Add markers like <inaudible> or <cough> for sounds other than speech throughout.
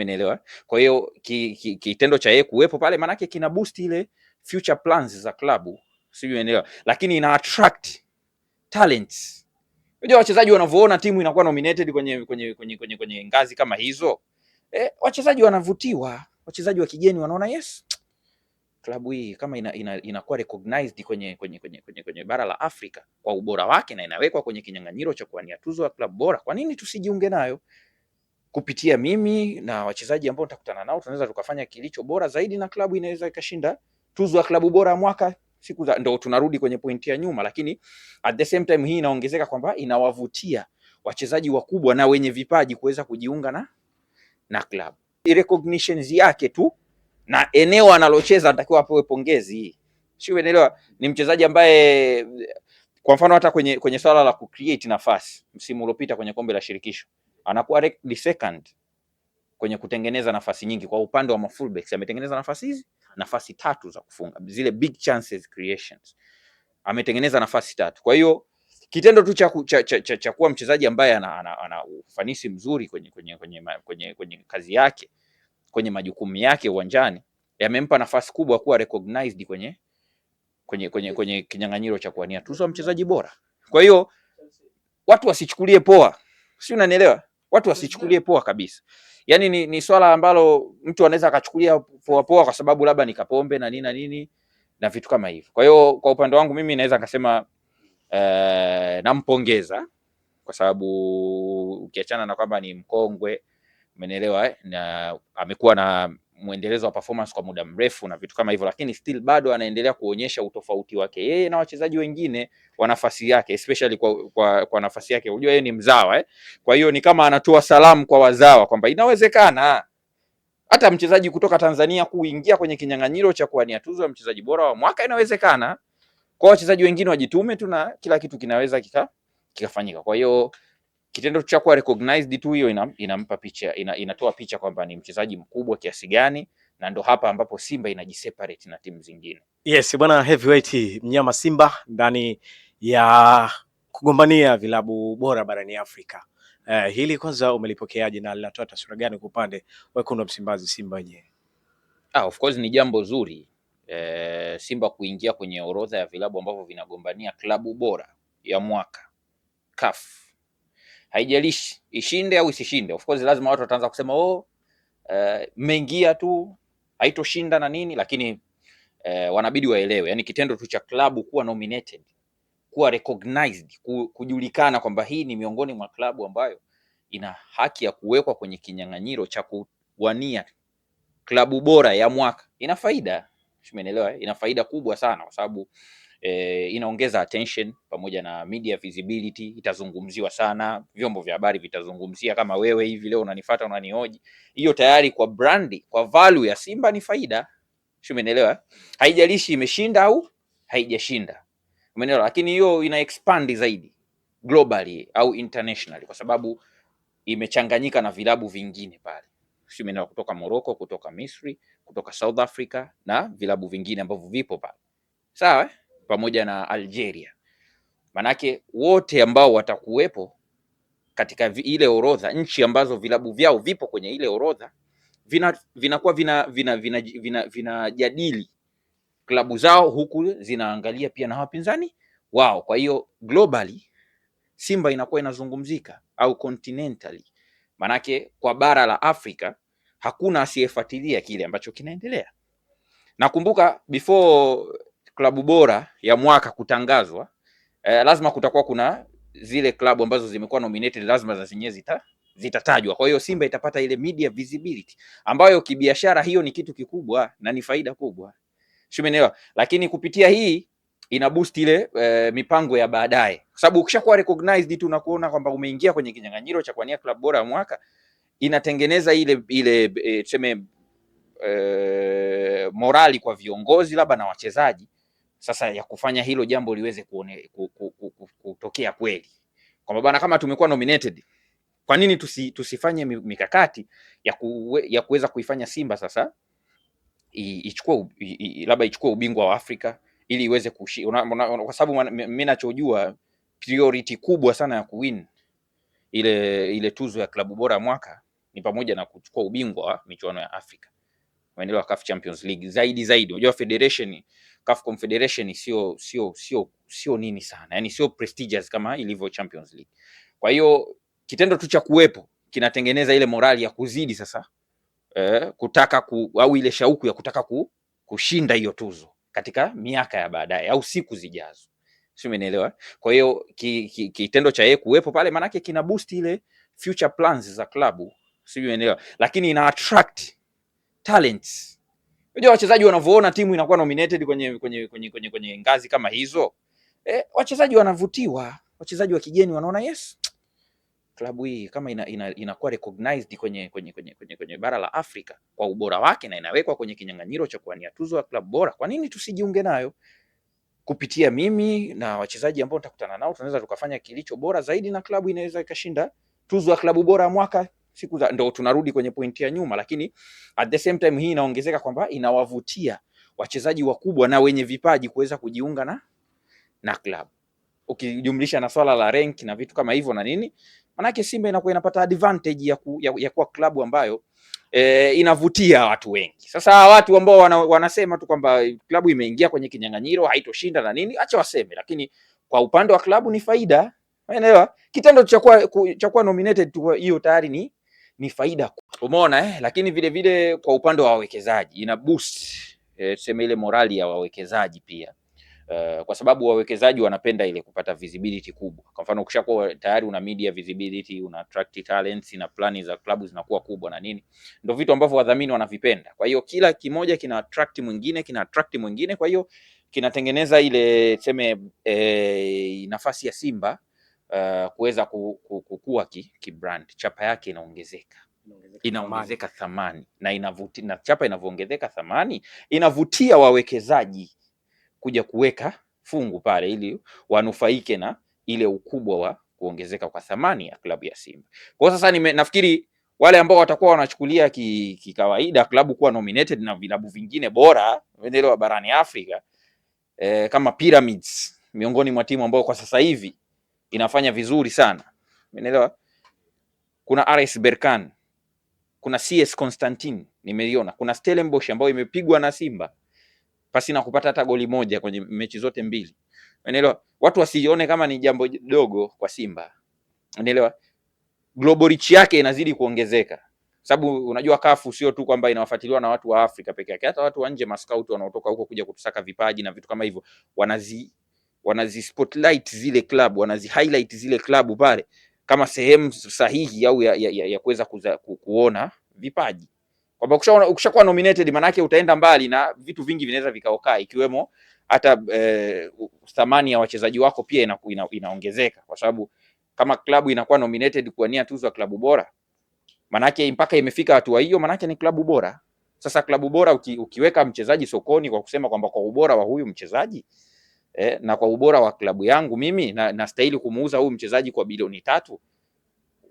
umenielewa? Kwa hiyo kitendo ki, ki cha yeye kuwepo pale maanake kina boost ile future plans za klabu, sijui umenielewa, lakini ina attract talents. Unajua wachezaji wanavyoona timu inakuwa nominated kwenye, kwenye, kwenye, kwenye, kwenye ngazi kama hizo eh, wachezaji wanavutiwa, wachezaji wa kigeni wanaona yes klabu hii kama inakuwa ina, ina recognized kwenye, kwenye, kwenye, kwenye, kwenye bara la Afrika kwa ubora wake na inawekwa kwenye kinyang'anyiro cha kuwania tuzo ya klabu bora, kwa nini tusijiunge nayo? kupitia mimi na wachezaji ambao nitakutana nao, tunaweza tukafanya kilicho bora zaidi na klabu inaweza ikashinda tuzo ya klabu bora ya mwaka siku za ndo tunarudi kwenye pointi ya nyuma, lakini at the same time hii inaongezeka kwamba inawavutia wachezaji wakubwa na wenye vipaji kuweza kujiunga na na klabu. Recognitions yake tu na eneo analocheza atakiwa apewe pongezi. Sio, unaelewa? Ni mchezaji ambaye kwa mfano hata kwenye, kwenye swala la kucreate nafasi msimu uliopita kwenye kombe la shirikisho anakuwa the second kwenye kutengeneza nafasi nyingi kwa upande wa mafullbacks, ametengeneza nafasi hizi nafasi tatu za kufunga zile big chances creations, ametengeneza nafasi tatu. Kwa hiyo kitendo tu cha cha, cha, cha cha kuwa mchezaji ambaye ana, ana, ana ufanisi mzuri kwenye, kwenye, kwenye, kwenye, kwenye kazi yake kwenye majukumu yake uwanjani yamempa nafasi kubwa kuwa recognized kwenye, kwenye, kwenye, kwenye kinyang'anyiro cha kuwania tuzo ya mchezaji bora. Kwa hiyo watu wasichukulie poa, si unanielewa? watu wasichukulie poa kabisa. Yaani ni, ni swala ambalo mtu anaweza akachukulia poa poa kwa sababu labda ni kapombe na nini na nini na vitu kama hivyo. Kwa hiyo kwa upande wangu mimi naweza nikasema eh, nampongeza kwa sababu ukiachana na kwamba ni mkongwe, umenielewa eh, na amekuwa na mwendelezo wa performance kwa muda mrefu na vitu kama hivyo, lakini still bado anaendelea kuonyesha utofauti wake yeye na wachezaji wengine wa nafasi yake, especially kwa, kwa, kwa nafasi yake. Unajua yeye ni mzawa eh? Kwa hiyo ni kama anatoa salamu kwa wazawa kwamba inawezekana hata mchezaji kutoka Tanzania kuingia kwenye kinyang'anyiro cha kuwania tuzo ya mchezaji bora wa mwaka, inawezekana. Kwa wachezaji wengine wajitume tu na kila kitu kinaweza kika, kikafanyika kwa hiyo kitendo cha kuwa recognized tu hiyo inampa ina picha ina, inatoa picha kwamba ni mchezaji mkubwa kiasi gani, na ndo hapa ambapo Simba inajiseparate na timu zingine. Yes bwana, Heavyweight mnyama Simba ndani ya kugombania vilabu bora barani Afrika. Uh, hili kwanza umelipokeaje na linatoa taswira gani kwa upande wekundu wa Msimbazi Simba wenyewe? Ah, of course ni jambo zuri eh, Simba kuingia kwenye orodha ya vilabu ambavyo vinagombania klabu bora ya mwaka CAF haijalishi ishinde au isishinde. Of course lazima watu wataanza kusema oh, eh, mmeingia uh, tu haitoshinda na nini, lakini uh, wanabidi waelewe, yani kitendo tu cha klabu kuwa nominated, kuwa recognized, kujulikana kwamba hii ni miongoni mwa klabu ambayo ina haki ya kuwekwa kwenye kinyang'anyiro cha kuwania klabu bora ya mwaka ina faida, umeelewa? Ina faida kubwa sana kwa sababu e, inaongeza attention pamoja na media visibility, itazungumziwa sana, vyombo vya habari vitazungumzia. Kama wewe hivi leo unanifata unanihoji, hiyo tayari kwa brandi, kwa value ya Simba ni faida, sio? Umeelewa? Haijalishi imeshinda au haijashinda, umeelewa? Lakini hiyo ina expand zaidi globally au internationally kwa sababu imechanganyika na vilabu vingine pale sio, kutoka Morocco, kutoka Misri, kutoka South Africa na vilabu vingine ambavyo vipo pale, sawa. Eh? pamoja na Algeria. Manake wote ambao watakuwepo katika ile orodha, nchi ambazo vilabu vyao vipo kwenye ile orodha vinakuwa vina vinajadili vina, vina, vina, vina klabu zao huku zinaangalia pia na wapinzani wao. Kwa hiyo globally Simba inakuwa inazungumzika au continentally, manake kwa bara la Afrika hakuna asiyefuatilia kile ambacho kinaendelea. Nakumbuka before klabu bora ya mwaka kutangazwa eh, lazima kutakuwa kuna zile klabu ambazo zimekuwa nominated, lazima za zenyewe zita zitatajwa. Kwa hiyo Simba itapata ile media visibility ambayo kibiashara hiyo ni kitu kikubwa na ni faida kubwa, shumenewa. Lakini kupitia hii ina boost ile e, mipango ya baadaye, kwa sababu ukishakuwa recognized tu na kuona kwamba umeingia kwenye kinyang'anyiro cha kuania klabu bora ya mwaka, inatengeneza ile ile e, tuseme e, morali kwa viongozi labda na wachezaji sasa ya kufanya hilo jambo liweze kuone, kutokea kweli kwamba bana, kama tumekuwa nominated, kwa nini tusi, tusifanye mikakati ya, ku, ya kuweza kuifanya Simba sasa ichukue labda ichukue ubingwa wa Afrika ili iweze kushi, kwa sababu mimi nachojua priority kubwa sana ya kuwin ile ile tuzo ya klabu bora ya mwaka ni pamoja na kuchukua ubingwa wa michuano ya Afrika maendeleo ya CAF Champions League zaidi zaidi. Unajua federation CAF Confederation sio sio sio sio nini sana, yani sio prestigious kama ilivyo Champions League. Kwa hiyo kitendo tu cha kuwepo kinatengeneza ile morali ya kuzidi sasa eh, kutaka ku, au ile shauku ya kutaka ku, kushinda hiyo tuzo katika miaka ya baadaye au siku zijazo, sio umeelewa? Kwa hiyo kitendo ki, ki cha yeye kuwepo pale maanake kina boost ile future plans za klabu, sio umeelewa? Lakini ina attract talent. Unajua wachezaji wanavyoona timu inakuwa nominated kwenye kwenye kwenye kwenye, kwenye ngazi kama hizo Eh, wachezaji wanavutiwa, wachezaji wa kigeni wanaona yes, klabu hii kama ina, ina, inakuwa recognized kwenye kwenye kwenye kwenye kwenye bara la Afrika kwa ubora wake na inawekwa kwenye kinyang'anyiro cha kuwania tuzo ya klabu bora, kwa nini tusijiunge nayo? Kupitia mimi na wachezaji ambao nitakutana nao tunaweza tukafanya kilicho bora zaidi, na klabu inaweza ikashinda tuzo ya klabu bora ya mwaka siku za ndo tunarudi kwenye pointi ya nyuma, lakini at the same time hii inaongezeka kwamba inawavutia wachezaji wakubwa na wenye vipaji kuweza kujiunga na na club, ukijumlisha na swala la rank na vitu kama hivyo na nini, manake Simba inakuwa inapata advantage ya, ku, ya, ya kuwa klabu ambayo e, inavutia watu wengi. Sasa watu ambao wana, wanasema tu kwamba klabu imeingia kwenye kinyang'anyiro haitoshinda na nini, acha waseme, lakini kwa upande wa klabu ni faida, unaelewa. Kitendo cha kuwa nominated hiyo tayari ni ni faida, umeona eh? Lakini vile vile kwa upande wa wawekezaji ina boost eh, tuseme ile morali ya wawekezaji pia Uh, kwa sababu wawekezaji wanapenda ile kupata visibility kubwa. Kwa mfano ukishakuwa tayari una media visibility, una attract talents na plani za klabu zinakuwa kubwa na nini, ndio vitu ambavyo wadhamini wanavipenda. Kwa hiyo kila kimoja kina attract mwingine, kina attract mwingine, kwa hiyo kinatengeneza ile tuseme, eh, nafasi ya Simba uh, kuweza kukua ki, ki chapa yake inaongezeka inaongezeka thamani na inavuti, na chapa inavyoongezeka thamani inavutia wawekezaji kuja kuweka fungu pale ili wanufaike na ile ukubwa wa kuongezeka kwa thamani ya klabu ya Simba. Kwa sasa nime, nafikiri wale ambao watakuwa wanachukulia kikawaida ki klabu kuwa nominated na vilabu vingine bora endelewa barani Afrika eh, kama Pyramids miongoni mwa timu ambao kwa sasa hivi inafanya vizuri sana, umeelewa? Kuna RS Berkane, kuna CS Constantine nimeiona, kuna Stellenbosch ambayo imepigwa na Simba pasi na kupata hata goli moja kwenye mechi zote mbili, umeelewa? Watu wasione kama ni jambo dogo kwa Simba, umeelewa? Global reach yake inazidi kuongezeka sababu unajua kafu sio tu kwamba inawafuatiliwa na watu wa Afrika peke yake, hata watu wa nje, maskauti wanaotoka huko kuja kutusaka vipaji na vitu kama hivyo wanazi spotlight zile club, highlight zile club pale kama sehemu sahihi au ya, ya, ya, ya kuweza ku, kuona vipaji kwamba ukishakuwa nominated manake utaenda mbali na vitu vingi vinaweza vikaokaa ikiwemo hata e, thamani ya wachezaji wako pia ina, ina, inaongezeka kwa sababu kama klabu inakuwa nominated kuwania tuzo ya klabu bora, manake mpaka imefika hatua hiyo, maanake ni klabu bora. Sasa klabu bora uki, ukiweka mchezaji sokoni kwa kusema kwamba kwa ubora wa huyu mchezaji eh, na kwa ubora wa klabu yangu mimi na nastahili kumuuza huyu mchezaji kwa bilioni tatu,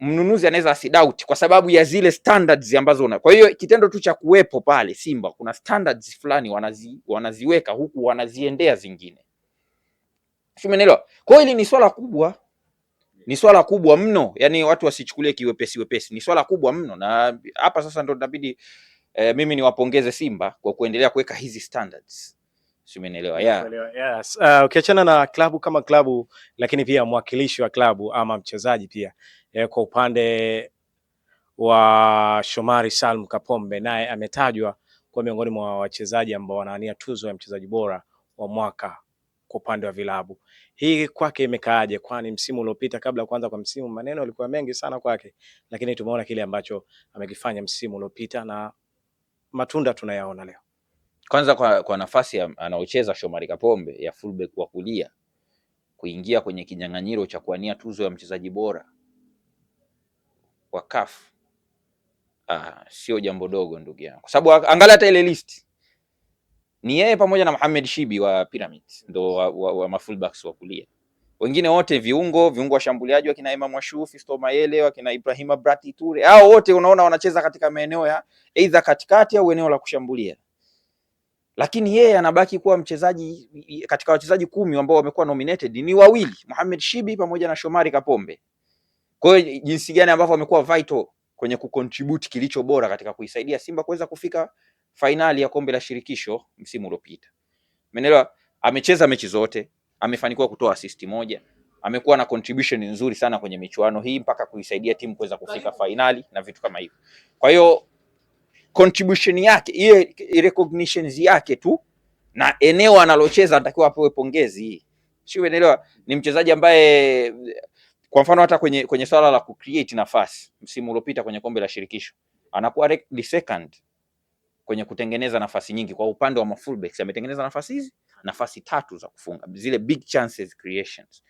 mnunuzi anaweza asidoubt kwa sababu ya zile standards ambazo una. Kwa hiyo kitendo tu cha kuwepo pale Simba kuna standards fulani wanazi, wanaziweka huku wanaziendea zingine, umeelewa? Kwa hiyo ni swala kubwa, ni swala kubwa mno, yani watu wasichukulie kiwepesi wepesi, ni swala kubwa mno, na hapa sasa ndo inabidi eh, mimi niwapongeze Simba kwa kuendelea kuweka hizi standards si umenielewa? Yeah. Yes. Uh, ukiachana na klabu kama klabu, lakini pia mwakilishi wa klabu ama mchezaji pia eh, kwa upande wa Shomari Salum Kapombe naye ametajwa kuwa miongoni mwa wachezaji ambao wanaania tuzo ya mchezaji bora wa mwaka kwa upande wa vilabu. Hii kwake imekaaje? Kwani msimu uliopita kabla ya kuanza kwa msimu maneno yalikuwa mengi sana kwake, lakini tumeona kile ambacho amekifanya msimu uliopita na matunda tunayaona leo kwanza kwa, kwa nafasi anaocheza Shomari Kapombe ya fullback wa kulia kuingia kwenye kinyang'anyiro cha kuania tuzo ya mchezaji bora wa CAF ah, sio jambo dogo ndugu yangu, kwa sababu angalia hata ile list ni yeye pamoja na Mohamed Shibi wa Pyramids ndo wa, wa, wa mafullbacks wa kulia, wengine wote viungo viungo washambuliaji wakina Emma Ashouf, Fisto Mayele, wakina Ibrahima Brati Ture, hao wote unaona wanacheza katika maeneo ya either katikati au eneo la kushambulia lakini yeye anabaki kuwa mchezaji katika wachezaji kumi ambao wamekuwa nominated ni wawili, Mohamed Shibi pamoja na Shomari Kapombe. Kwa hiyo jinsi gani ambavyo wamekuwa vital kwenye kucontribute kilicho bora katika kuisaidia Simba kuweza kufika fainali ya kombe la shirikisho msimu uliopita. Umeelewa? Amecheza mechi zote, amefanikiwa kutoa assist moja, amekuwa na contribution nzuri sana kwenye michuano hii mpaka kuisaidia timu kuweza kufika fainali na vitu kama hivyo. Kwa hiyo contribution yake ile recognitions yake tu na eneo analocheza anatakiwa apewe pongezi. Sio, unaelewa? Ni mchezaji ambaye kwa mfano hata kwenye kwenye swala la kucreate nafasi msimu uliopita kwenye kombe la shirikisho anakuwa the second kwenye kutengeneza nafasi nyingi kwa upande wa fullbacks, ametengeneza nafasi hizi nafasi tatu za kufunga zile big chances creations,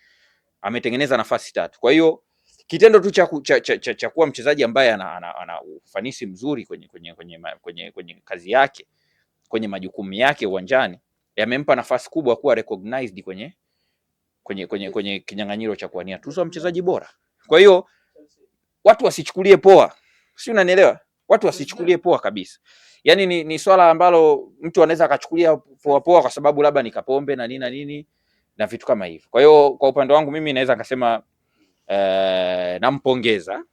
ametengeneza nafasi tatu. Kwa hiyo kitendo tu cha, cha, cha, cha, cha kuwa mchezaji ambaye ana, ana, ana ufanisi mzuri kwenye, kwenye, kwenye, kwenye, kwenye kazi yake kwenye majukumu yake uwanjani yamempa nafasi kubwa kuwa recognized kwenye, kwenye, kwenye, kwenye kinyang'anyiro cha kuwania tuzo ya mchezaji bora. Kwa hiyo watu wasichukulie poa, si unanielewa? Watu wasichukulie poa kabisa, yaani ni, ni swala ambalo mtu anaweza akachukulia poa poa kwa sababu labda ni kapombe na nini na nini na vitu kama hivyo. Kwa hiyo kwa upande wangu mimi naweza nikasema Eh, nampongeza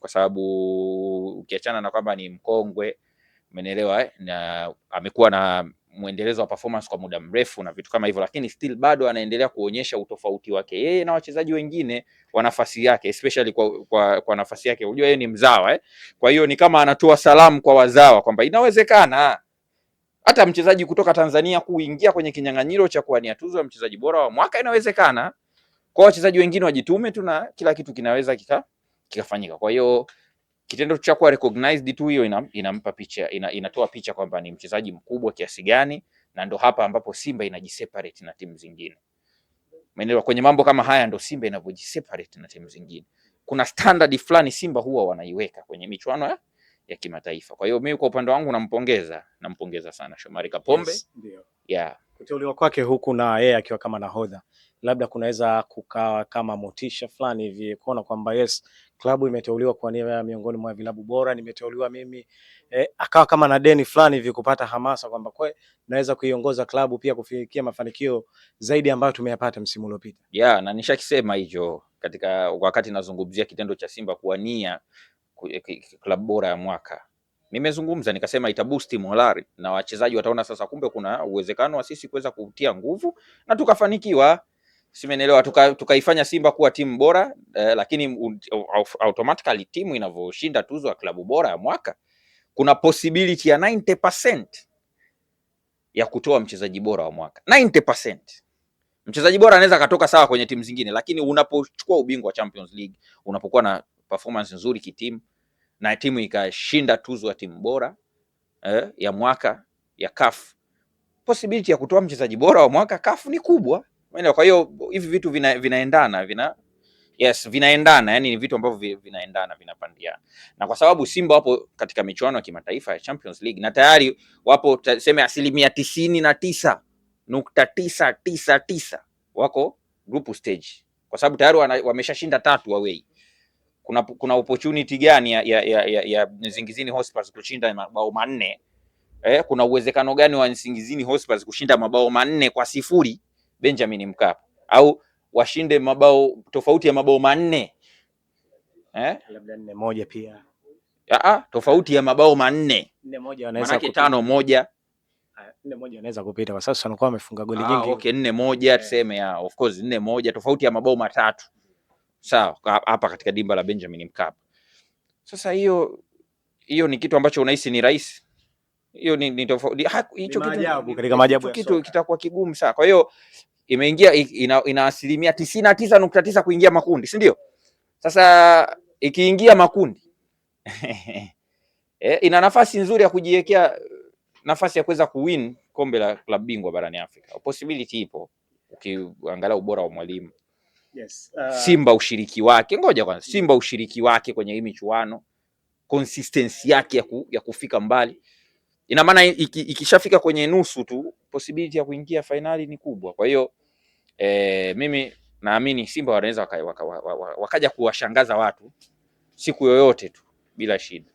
kwa sababu ukiachana na kwamba ni mkongwe, umenielewa eh, na amekuwa na mwendelezo wa performance kwa muda mrefu na vitu kama hivyo, lakini still bado anaendelea kuonyesha utofauti wake yeye na wachezaji wengine wa nafasi yake, especially kwa, kwa, kwa nafasi yake. Unajua yeye ni mzawa eh? Kwa hiyo ni kama anatoa salamu kwa wazawa kwamba inawezekana hata mchezaji kutoka Tanzania kuingia kwenye kinyang'anyiro cha kuwania tuzo ya mchezaji bora wa mwaka, inawezekana. Kwa wachezaji wengine wajitume tu na kila kitu kinaweza kika kikafanyika. Kwa hiyo kitendo cha kuwa recognized tu hiyo ina, inampa picha ina, inatoa picha kwamba ni mchezaji mkubwa kiasi gani, na ndo hapa ambapo Simba inajiseparate na timu zingine. Maana Kwenye mambo kama haya ndo Simba inavyojiseparate na timu zingine. Kuna standard fulani Simba huwa wanaiweka kwenye michuano ya ya kimataifa. Kwa hiyo mimi kwa upande wangu nampongeza, nampongeza sana Shomari Kapombe. Yes, yeah. Kuteuliwa kwake huku na yeye akiwa kama nahodha labda kunaweza kukawa kama motisha fulani hivi kuona kwamba yes, klabu imeteuliwa kwa nia miongoni mwa vilabu bora, nimeteuliwa mimi eh, akawa kama na deni fulani hivi kupata hamasa kwamba kwe naweza kuiongoza klabu pia kufikia mafanikio zaidi ambayo tumeyapata msimu uliopita. Yeah, na nishakisema hicho katika wakati nazungumzia kitendo cha Simba kuwania klabu eh, bora ya mwaka. Nimezungumza nikasema itabusti morali na wachezaji wataona sasa, kumbe kuna uwezekano wa sisi kuweza kutia nguvu na tukafanikiwa, simenelewa, tukaifanya tuka Simba kuwa timu bora eh, lakini automatically timu inavyoshinda tuzo ya klabu bora ya mwaka kuna possibility ya 90% ya kutoa mchezaji bora wa mwaka 90%. Mchezaji bora anaweza akatoka sawa kwenye timu zingine, lakini unapochukua ubingwa wa Champions League, unapokuwa na performance nzuri kitimu na timu ikashinda tuzo ya timu bora eh, ya mwaka ya CAF, possibility ya kutoa mchezaji bora wa mwaka CAF ni kubwa. Kwa hiyo hivi vitu vina, vinaendana vina yes vinaendana, yani ni vitu ambavyo vinaendana vinapandia, na kwa sababu Simba wapo katika michuano ya kimataifa ya Champions League na tayari wapo tuseme asilimia tisini na tisa nukta tisa tisa tisa wako group stage, kwa sababu tayari wameshashinda tatu away kuna, kuna opportunity gani ya, ya, ya, ya, ya Nsingizini Hotspurs kushinda mabao manne eh? Kuna uwezekano gani wa Nsingizini Hotspurs kushinda mabao manne kwa sifuri Benjamin Mkapa au washinde mabao tofauti ya mabao manne eh? Labda nne moja pia Aa, ah, ah, tofauti ya mabao manne nne moja wanaweza kupita, tano moja ah, nne moja wanaweza kupita kwa sababu sasa, wanakuwa wamefunga goli nyingi. Okay, nne moja eh. tuseme, yeah. Of course nne moja tofauti ya mabao matatu sawa, hapa katika dimba la Benjamin Mkapa. Sasa hiyo hiyo ni kitu ambacho unahisi ni rahisi, hiyo ni, ni tofauti hicho kitu, katika maajabu kitu kitakuwa kigumu sana. Kwa hiyo imeingia ina, ina asilimia tisini na tisa nukta tisa kuingia makundi, si ndio? Sasa ikiingia makundi <laughs> eh, ina nafasi nzuri ya kujiwekea nafasi ya kuweza kuwin kombe la klabu bingwa barani Afrika. Possibility ipo ukiangalia ubora wa mwalimu yes. Uh, Simba ushiriki wake, ngoja kwanza, Simba ushiriki wake kwenye hii michuano, konsistensi yake ya, ku, ya kufika mbali, ina maana ikishafika iki kwenye nusu tu possibility ya kuingia fainali ni kubwa. Kwa hiyo e, mimi naamini Simba wanaweza wakaja waka, waka, waka, waka kuwashangaza watu siku yoyote tu bila shida.